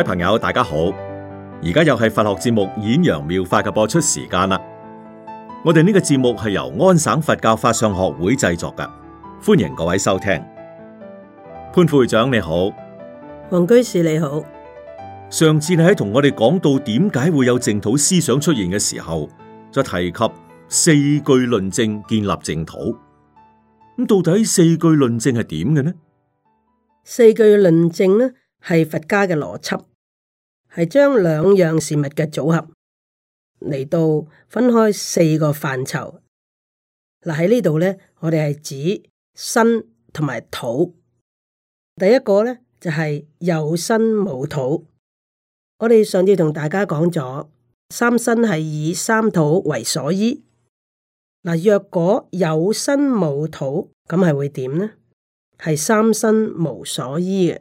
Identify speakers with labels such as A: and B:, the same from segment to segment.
A: 各位朋友，大家好！而家又係佛學節目《演揚妙法》嘅播出時間啦。我哋呢個節目係由安省佛教法上學會製作嘅，歡迎各位收聽。潘副會長你好，
B: 王居士你好。
A: 上次你喺同我哋講到點解會有淨土思想出現嘅時候，就提及四句論證建立淨土。咁到底四句論證係點嘅呢？
B: 四句論證呢，係佛家嘅邏輯。係將兩樣事物嘅組合嚟到分開四個範疇。嗱、啊、喺呢度咧，我哋係指身同埋土。第一個咧就係、是、有身冇土。我哋上次同大家講咗，三身係以三土為所依。啊、若果有身冇土，咁係會點咧？係三身無所依嘅。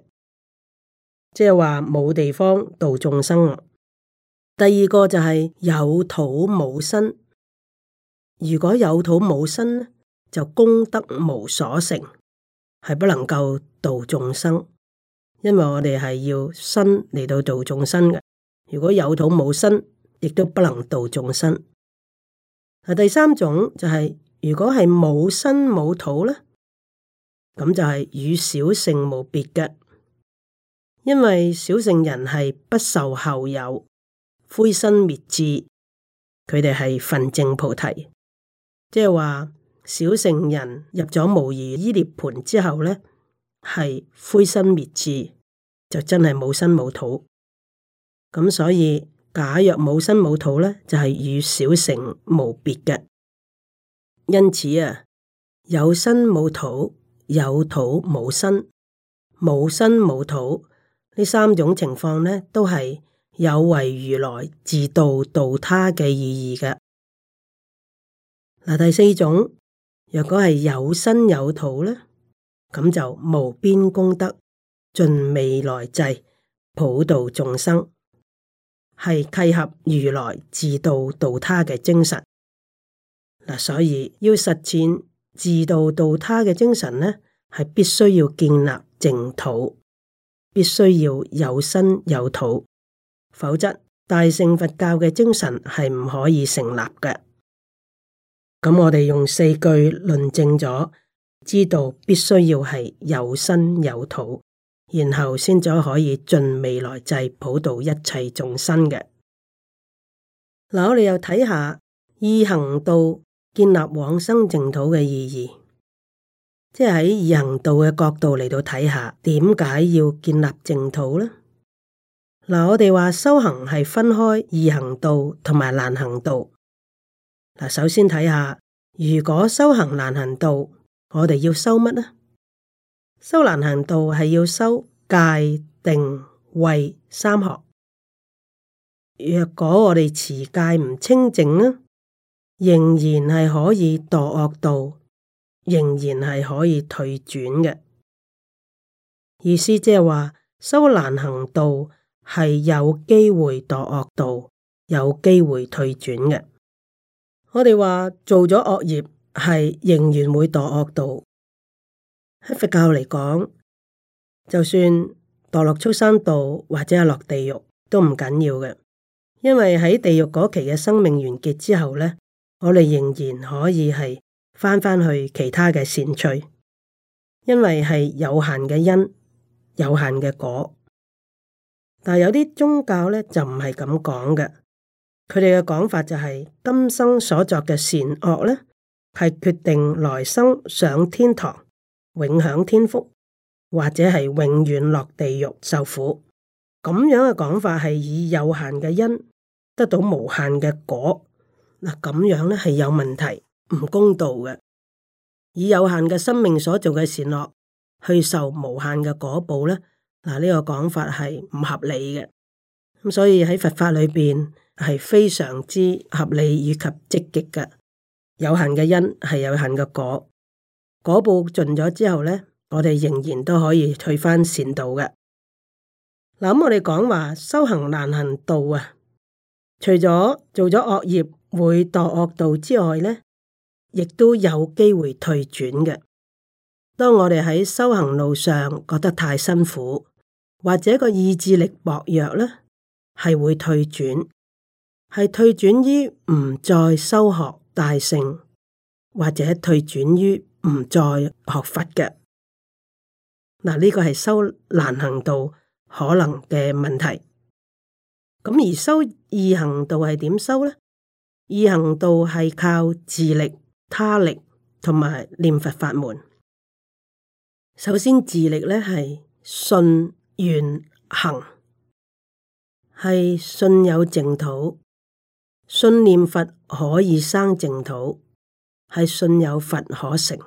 B: 即係話冇地方度眾生。第二個就係、是、有土冇身，如果有土冇身呢，就功德無所成，係不能夠度眾生。因為我哋係要身嚟到度眾生嘅，如果有土冇身，亦都不能度眾生。第三種就係、是、如果係冇身冇土呢，咁就係與小聖無別嘅。因為小乘人係不受後有，灰身滅智，佢哋係焚正菩提，即係話小乘人入咗無餘依涅盤之後呢，係灰身滅智，就真係冇身冇土，咁所以假若冇身冇土呢，就係、是、與小乘無別嘅，因此啊，有身冇土，有土冇身，冇身冇土。呢三種情況呢，都係有違如來自度度他嘅意義嘅。嗱，第四種若果係有身有土呢，咁就無邊功德盡未來際普度眾生，係契合如來自度度度他嘅精神。嗱，所以要實踐自度度他嘅精神呢，係必須要建立淨土。必須要有身有土，否則大乘佛教嘅精神係唔可以成立嘅。咁我哋用四句論證咗，知道必須要係有身有土，然後先至可以盡未來際普度一切眾生嘅。嗱，我哋又睇下意行道建立往生淨土嘅意義。即係喺易行道嘅角度嚟到睇下，點解要建立淨土呢？嗱、啊，我哋話修行係分開易行道同埋難行道。嗱、啊，首先睇下，如果修行難行道，我哋要修乜呢？修難行道係要修戒、定、慧三學。若果我哋持戒唔清淨呢，仍然係可以墮惡道。仍然係可以退轉嘅，意思即係話修難行道係有機會墮惡道，有機會退轉嘅。我哋話做咗惡業係仍然會墮惡道。喺佛教嚟講，就算墮落畜生道或者係落地獄都唔緊要嘅，因為喺地獄嗰期嘅生命完結之後咧，我哋仍然可以係。返返去其他嘅善趣，因為係有限嘅因有限嘅果。但係有啲宗教咧就唔係咁講嘅，佢哋嘅講法就係今生所作嘅善惡咧，係決定來生上天堂永享天福，或者係永遠落地獄受苦。咁樣嘅講法係以有限嘅因得到無限嘅果，嗱，咁樣咧係有問題。唔公道嘅，以有限嘅生命所做嘅善惡去受無限嘅果報咧，嗱、這、呢個講法係唔合理嘅。咁所以喺佛法裏邊係非常之合理以及積極嘅，有限嘅因係有限嘅果，果報盡咗之後咧，我哋仍然都可以退翻善道嘅。嗱，咁我哋講話修行難行道啊，除咗做咗惡業會墮惡道之外咧。亦都有機會退轉嘅。當我哋喺修行路上覺得太辛苦，或者個意志力薄弱呢，係會退轉，係退轉於唔再修學大乘，或者退轉於唔再學佛嘅。嗱，呢個係修難行道可能嘅問題。咁而修易行道係點修呢？易行道係靠自力。他力同埋念佛法門，首先自力咧係信願行，係信有淨土，信念佛可以生淨土，係信有佛可成。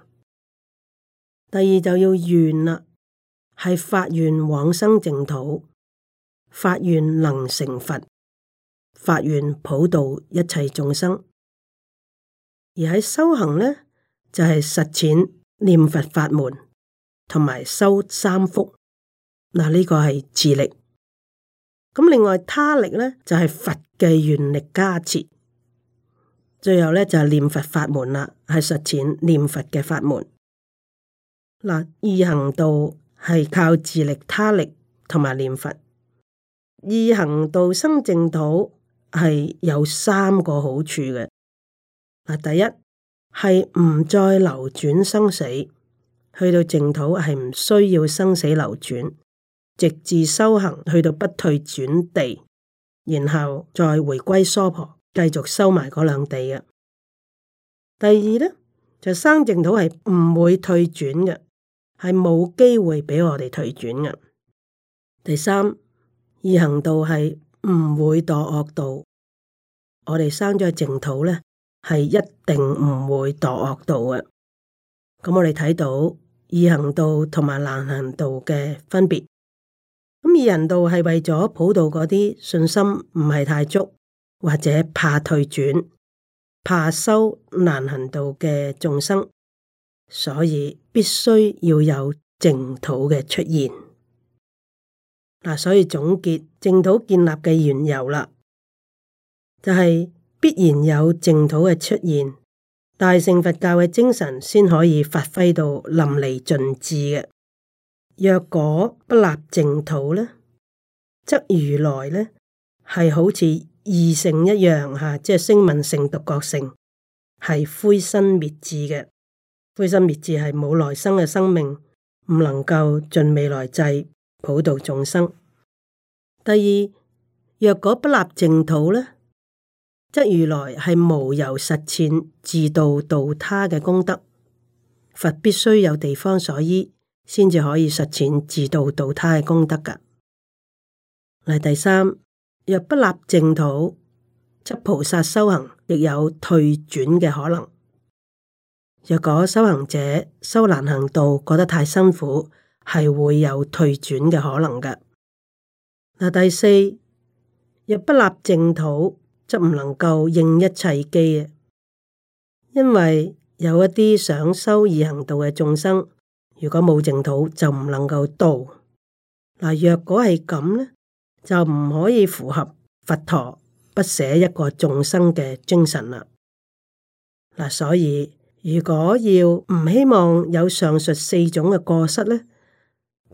B: 第二就要願啦，係發願往生淨土，發願能成佛，發願普渡一切眾生。而喺修行呢，就係、是、實踐念佛法門，同埋修三福。嗱，呢個係自力。咁另外他力呢，就係、是、佛嘅願力加持。最後呢，就係、是、念佛法門啦，係實踐念佛嘅法門。嗱，易行道係靠自力、他力同埋念佛。易行道生淨土係有三個好處嘅。嗱，第一係唔再流轉生死，去到淨土係唔需要生死流轉，直至修行去到不退轉地，然後再回歸娑婆，繼續收埋嗰兩地嘅。第二呢，就生淨土係唔會退轉嘅，係冇機會畀我哋退轉嘅。第三，易行道係唔會墮惡道，我哋生咗喺淨土呢。係一定唔會墮惡道嘅。咁我哋睇到易行道同埋難行道嘅分別。咁易行道係為咗普渡嗰啲信心唔係太足或者怕退轉、怕收難行道嘅眾生，所以必須要有淨土嘅出現。嗱，所以總結淨土建立嘅緣由啦，就係、是。必然有淨土嘅出現，大乘佛教嘅精神先可以發揮到淋漓盡致嘅。若果不立淨土呢？則如來呢，係好似二乘一樣吓，即係聲聞乘、獨覺乘，係灰身滅智嘅，灰身滅智係冇來生嘅生命，唔能夠盡未來際普渡眾生。第二，若果不立淨土呢？則如來係無由實踐自度度他嘅功德，佛必須有地方所依，先至可以實踐自度度他嘅功德噶。嚟第三，若不立淨土，則菩薩修行亦有退轉嘅可能。若果修行者修難行道，覺得太辛苦，係會有退轉嘅可能噶。嗱，第四，若不立淨土。就唔能夠應一切機啊！因為有一啲想修易行道嘅眾生，如果冇淨土就唔能夠度。嗱，若果係咁呢，就唔可以符合佛陀不捨一個眾生嘅精神啦。嗱，所以如果要唔希望有上述四種嘅過失呢，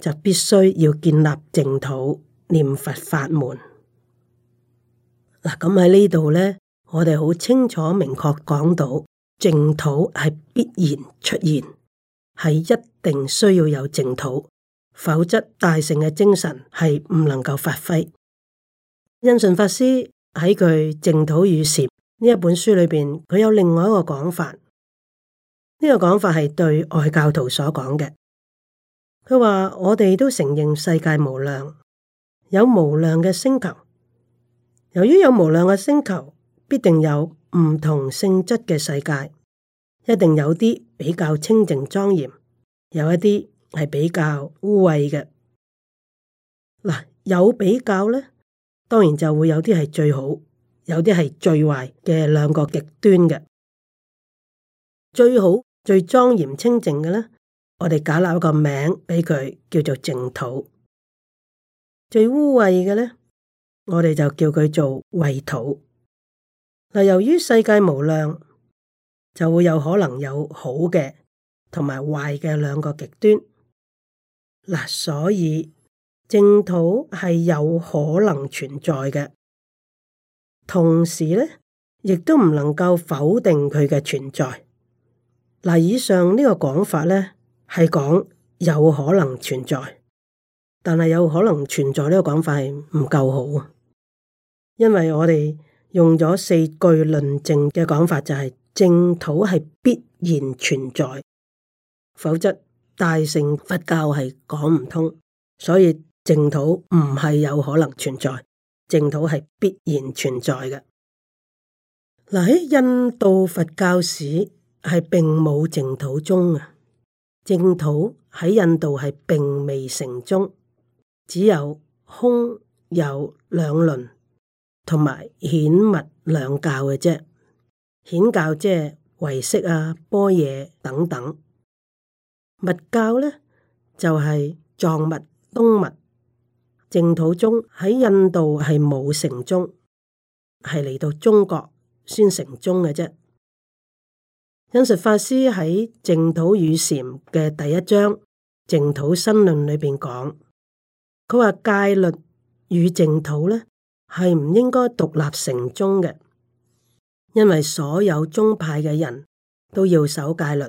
B: 就必須要建立淨土念佛法門。嗱，咁喺呢度呢，我哋好清楚明確講到淨土係必然出現，係一定需要有淨土，否則大乘嘅精神係唔能夠發揮。印順法師喺佢《淨土與禪》呢一本書裏邊，佢有另外一個講法，呢、這個講法係對外教徒所講嘅。佢話我哋都承認世界無量，有無量嘅星球。由於有無量嘅星球，必定有唔同性質嘅世界，一定有啲比較清淨莊嚴，有一啲係比較污穢嘅。嗱，有比較咧，當然就會有啲係最好，有啲係最壞嘅兩個極端嘅。最好、最莊嚴、清淨嘅咧，我哋假立一個名俾佢，叫做淨土；最污穢嘅咧。我哋就叫佢做穢土嗱，由於世界無量，就會有可能有好嘅同埋壞嘅兩個極端，嗱，所以淨土係有可能存在嘅，同時咧亦都唔能夠否定佢嘅存在嗱。以上呢個講法咧係講有可能存在，但係有可能存在呢個講法係唔夠好因為我哋用咗四句論證嘅講法，就係淨土係必然存在，否則大乘佛教係講唔通，所以淨土唔係有可能存在，淨土係必然存在嘅。嗱，喺印度佛教史係並冇淨土宗啊，淨土喺印度係並未成宗，只有空有兩輪。同埋顯密兩教嘅啫，顯教即係唯識啊、般若等等；密教咧就係、是、藏密、東密。淨土宗喺印度係冇成宗，係嚟到中國先成宗嘅啫。印順法師喺淨土與禪嘅第一章《淨土新論》裏面裏邊講，佢話戒律與淨土咧。係唔應該獨立成宗嘅，因為所有宗派嘅人都要守戒律。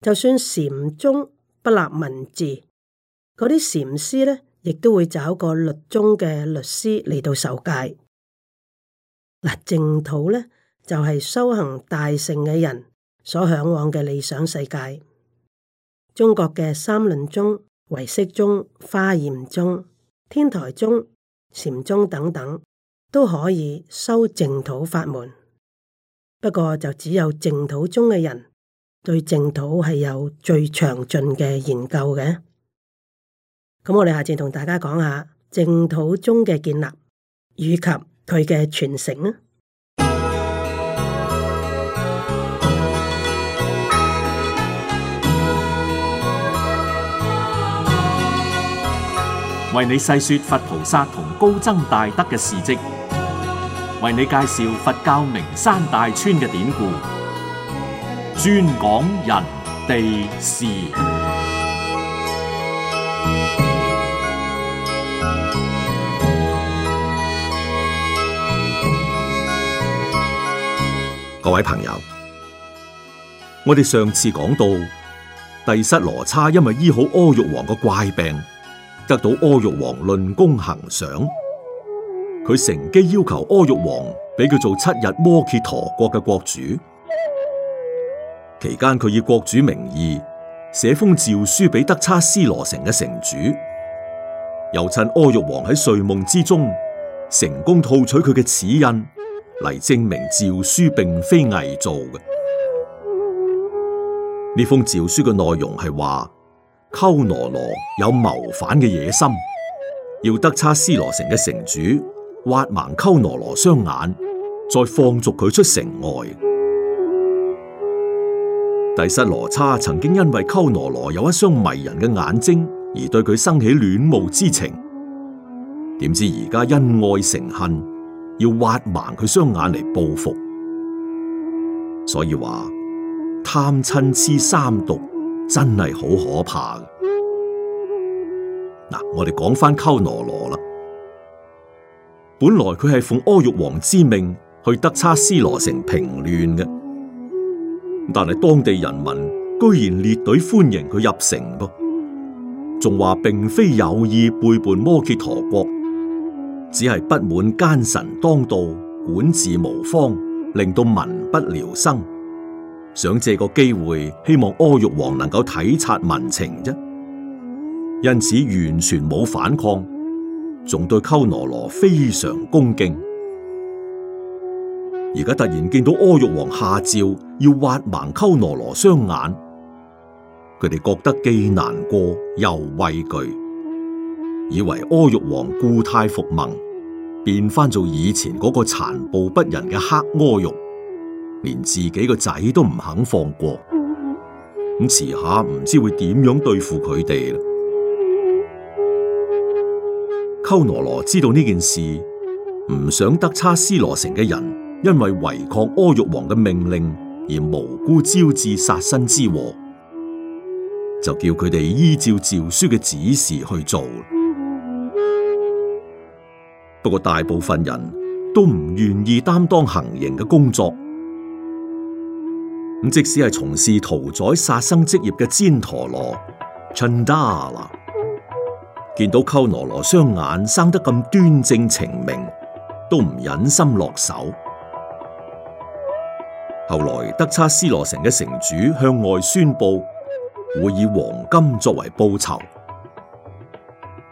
B: 就算禪宗不立文字，嗰啲禪師咧，亦都會找個律宗嘅律師嚟到守戒。嗱，淨土咧就係、是、修行大乘嘅人所向往嘅理想世界。中國嘅三論宗、唯識宗、華嚴宗、天台宗、禪宗等等都可以修淨土法門，不過就只有淨土宗嘅人對淨土係有最詳盡嘅研究嘅。咁我哋下次同大家講下淨土宗嘅建立以及佢嘅傳承
A: 為你細說佛菩薩同高僧大德嘅事跡，為你介紹佛教名山大川嘅典故，專講人地事。各位朋友，我哋上次講到帝室羅差，因為醫好阿育王個怪病。得到阿育王論功行賞，佢乘機要求阿育王俾佢做七日摩羯陀國嘅國主。期間佢以國主名義寫封詔書俾德差斯羅城嘅城主，又趁阿育王喺睡夢之中，成功套取佢嘅齒印嚟證明詔書並非偽造嘅。呢封詔書嘅內容係話。鳩羅羅有謀反嘅野心，要得差斯羅城嘅城主挖盲鳩羅羅雙眼，再放逐佢出城外。帝釋羅剎曾經因為鳩羅羅有一雙迷人嘅眼睛，而對佢生起戀慕之情。點知而家因愛成恨，要挖盲佢雙眼嚟報復。所以話貪嗔痴三毒。真係好可怕嘅。嗱，我哋講返鳩羅羅啦。本來佢係奉阿育王之命去德差斯羅城平亂嘅，但係當地人民居然列隊歡迎佢入城噃，仲話並非有意背叛摩羯陀國，只係不滿奸臣當道，管治無方，令到民不聊生，想借個機會，希望阿育王能夠體察民情。因此完全冇反抗，仲對鳩羅羅非常恭敬。而家突然見到阿育王下詔要挖盲鳩羅羅雙眼，佢哋覺得既難過又畏懼，以為阿育王故態復萌，變翻做以前嗰個殘暴不仁嘅黑阿育。連自己個仔都唔肯放過，
C: 咁
A: 遲 下唔知會點樣對付佢哋啦。鳩羅羅知道呢件事，唔 想德差斯羅城嘅人因為違抗阿育王嘅命令而無辜招致殺身之禍，就叫佢哋依照詔書嘅指示去做。 不過大部分人都唔願意擔當行刑嘅工作。即使係從事屠宰殺，殺生職業嘅尖陀羅 c h a n 見到鳩羅羅雙眼生得咁端正澄明，都唔忍心落手。後來德差斯羅城嘅城主向外宣布，會以黃金作為報酬。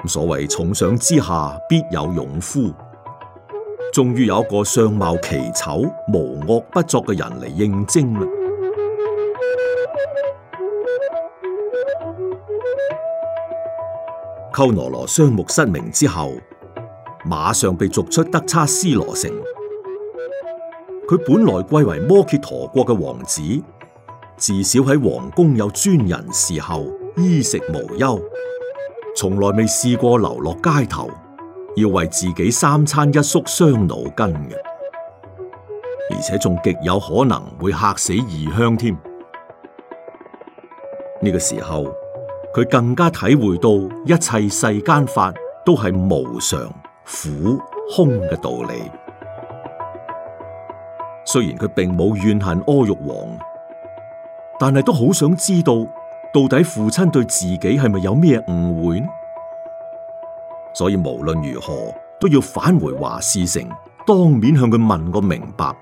A: 所謂重賞之下，必有勇夫。終於有一個相貌奇醜、無惡不作嘅人嚟應徵啦。寇羅羅雙目失明之後，馬上被逐出德差斯羅城。佢本來貴為摩羯陀國嘅王子，自少喺皇宮有專人侍候，衣食無憂，從來未試過流落街頭，要為自己三餐一宿傷腦筋嘅。而且仲極有可能會吓死異鄉添。呢、這個時候。佢更加體會到一切世間法都係無常、苦、空嘅道理。雖然佢並冇怨恨阿育王，但係都好想知道到底父親對自己係咪有咩誤會？所以無論如何都要返回華士城，當面向佢問個明白。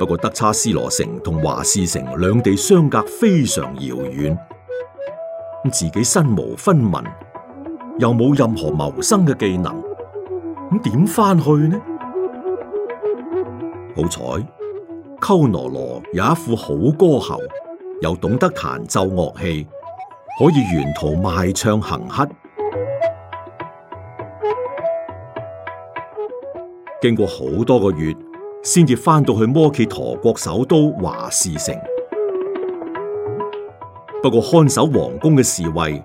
A: 不過德差斯羅城同華士城兩地相隔非常遙遠，自己身無分文，又冇任何謀生嘅技能，咁點返去呢？好彩，鳩羅羅有一副好歌喉，又懂得彈奏樂器，可以沿途賣唱行乞。經過好多個月。先至返到去摩羯陀國首都華氏城，不過看守王宮嘅侍衛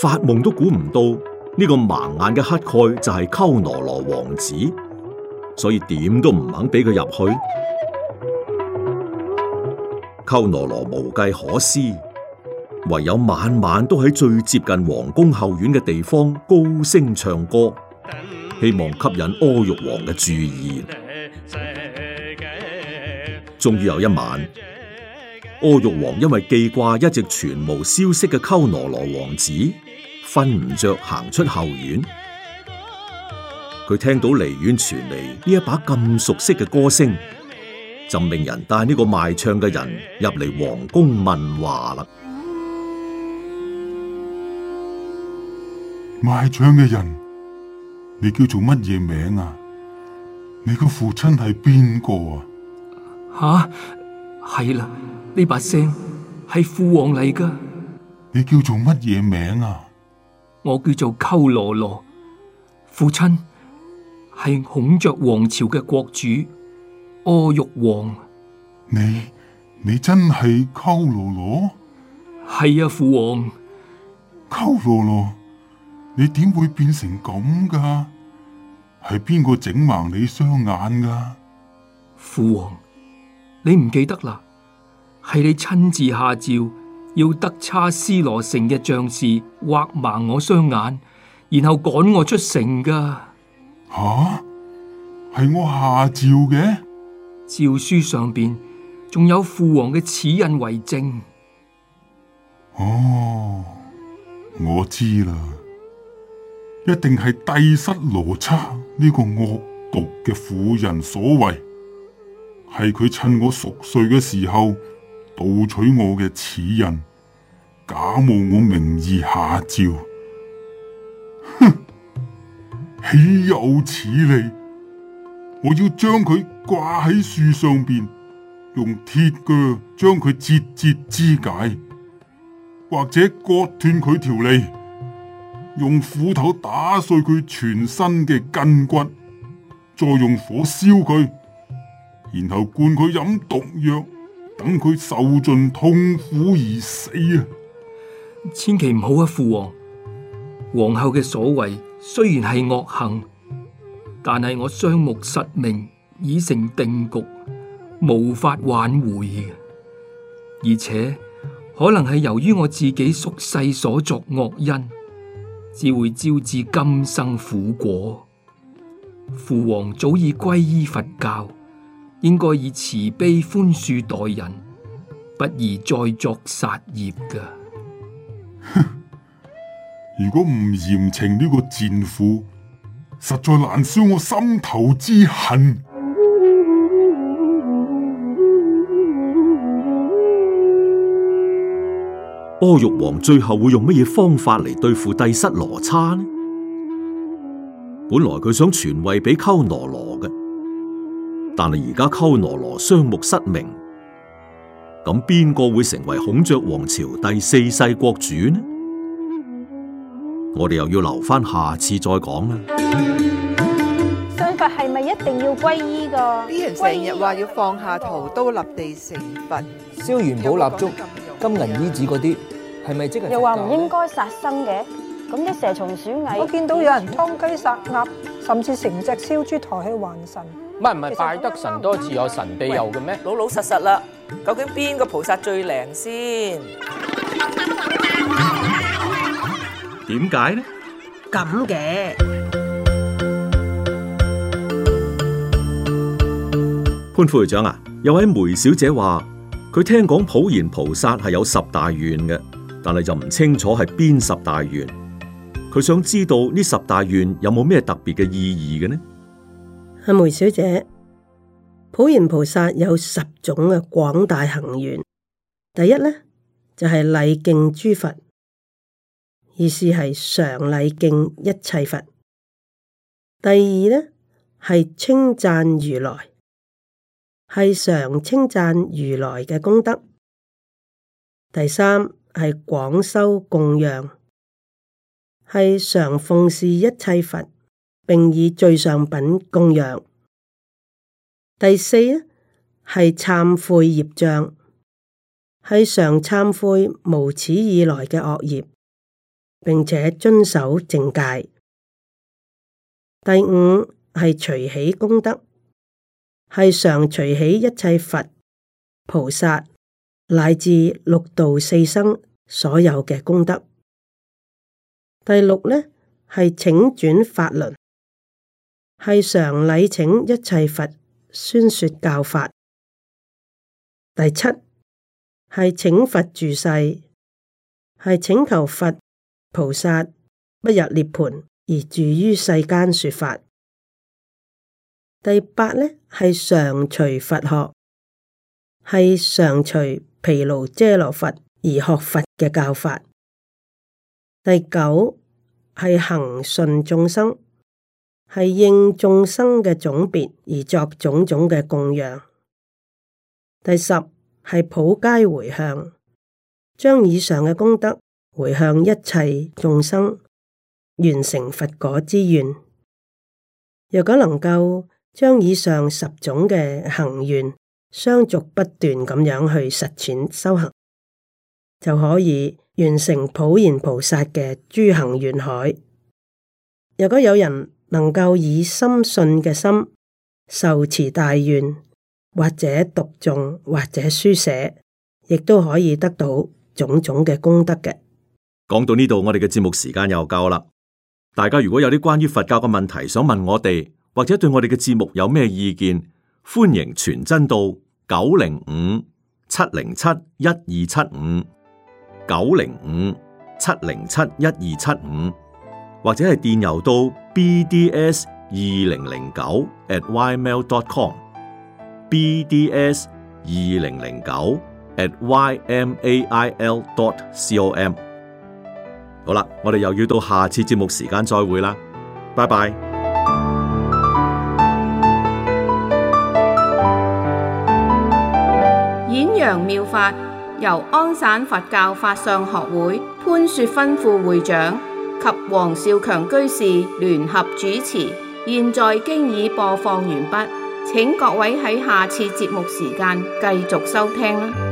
A: 發夢都估唔到呢個盲眼嘅乞丐就係鳩羅羅王子，所以點都唔肯俾佢入去。鳩羅羅無計可施，唯有晚晚都喺最接近王宮後院嘅地方高聲唱歌，希望吸引阿育王嘅注意。終於有一晚，阿育王因為記掛一直全無消息嘅鳩羅羅王子，瞓唔着，行出後院。佢聽到離遠傳嚟呢一把咁熟悉嘅歌聲，就命人帶呢個賣唱嘅
D: 人入嚟皇宮問話啦。賣唱嘅人，你叫做乜嘢名啊？你個父親係邊個啊？吓係啦，呢、啊、把聲係父王嚟噶。你叫做乜嘢名
C: 啊？我叫做寇羅羅，父親係孔雀王朝嘅國主阿育王。你
D: 你真係寇羅羅？係啊，父王。寇羅羅，你點會變成咁噶？係邊個整盲你雙眼噶？父王。你唔記得啦？
C: 係你親自下詔要德差斯羅城嘅將士畫盲我雙眼，然後趕我出城噶。
D: 吓、啊，
C: 係我下詔嘅？詔書上邊仲有父王嘅齒印為證。
D: 哦，我知啦，一定係帝室羅差呢個惡毒嘅婦人所為。係佢趁我熟睡嘅時候盜取我嘅齒印，假冒我名義下詔。哼，豈有此理！我要將佢掛喺樹上面，用鐵鋸將佢節節肢解，或者割斷佢條脷，用斧頭打碎佢全身嘅筋骨，再用火燒佢。然後灌佢飲毒藥，等佢受盡痛苦而死啊！千祈唔好啊，父王！
C: 皇后嘅所為雖然係惡行，但係我雙目失明，已成定局，無法挽回嘅。而且可能係由於我自己宿世所作惡因，只會招致今生苦果。父王早已皈依佛教。應該以慈悲寬恕待人，不宜再作殺業噶。
D: 如果唔嚴懲呢個賤婦，實在難消我心頭之恨。
A: 阿、哦、育王最後會用乜嘢方法嚟對付帝室羅差呢？本來佢想傳位俾鳩羅羅嘅。但係而家鳩羅羅雙目失明，咁邊個會成為孔雀王朝第四世國主呢？嗯、我哋又要留翻下,下次再講啦。
D: 信佛
C: 係咪一定要皈依噶？成日話要放下屠刀立地成佛，燒元寶蠟燭、金銀衣紙嗰啲，係咪、嗯、即係？又話唔應該殺生嘅，咁啲蛇蟲鼠蟻，我見到有人劏雞殺鴨，甚至成隻燒豬抬去還神。
A: 唔唔係，拜得神多自有神庇佑嘅咩？老老實實啦，究竟
C: 邊個菩薩最靈先？
A: 點解呢？
B: 咁嘅
A: 潘副會長啊，有位梅小姐話，佢聽講普賢菩薩係有十大願嘅，但係就唔清楚係邊十大願。佢想知道呢十大願有冇咩特別嘅意義嘅呢？
B: 阿梅小姐，普賢菩薩有十種嘅廣大行願。第一呢，就係、是，禮敬諸佛，意思係常禮敬一切佛。第二呢，係稱讚如來，係常稱讚如來嘅功德。第三，係廣修供養，係常奉事一切佛。並以最上品供養。第四啊，係懺悔業障，係常懺悔無始以來嘅惡業，並且遵守淨戒。第五係隨喜功德，係常隨喜一切佛菩薩乃至六道四生所有嘅功德。第六咧，係請轉法輪。係常禮請一切佛宣說教法。第七係請佛住世，係請求佛菩薩不入涅盤而住於世間說法。第八呢係常隨佛學，係常隨毗盧遮那佛而學佛嘅教法。第九係恆順眾生。係應眾生嘅種別而作種種嘅供養。第十係普皆回向，將以上嘅功德回向一切眾生，完成佛果之願。如果能夠將以上十種嘅行願相續不斷咁樣去實踐修行，就可以完成普賢菩薩嘅諸行願海。如果有人，能夠以深信嘅心受持大願，或者讀誦，或者書寫，亦都可以得到種種嘅功德嘅。
A: 講到呢度，我哋嘅節目時間又夠啦。大家如果有啲關於佛教嘅問題想問我哋，或者對我哋嘅節目有咩意見，歡迎傳真到九零五七零七一二七五，九零五七零七一二七五，75, 75, 或者係電郵到。BDS 二零零九 at ymail.com，BDS 二零零九 at ymail.com。好啦，我哋又要到下次節目時間再會啦，拜拜。
C: 演揚妙法，由安省佛教法相學會潘雪芬副會長及王少強居士聯合主持，現在經已播放完畢，請各位喺下次節目時間繼續收聽。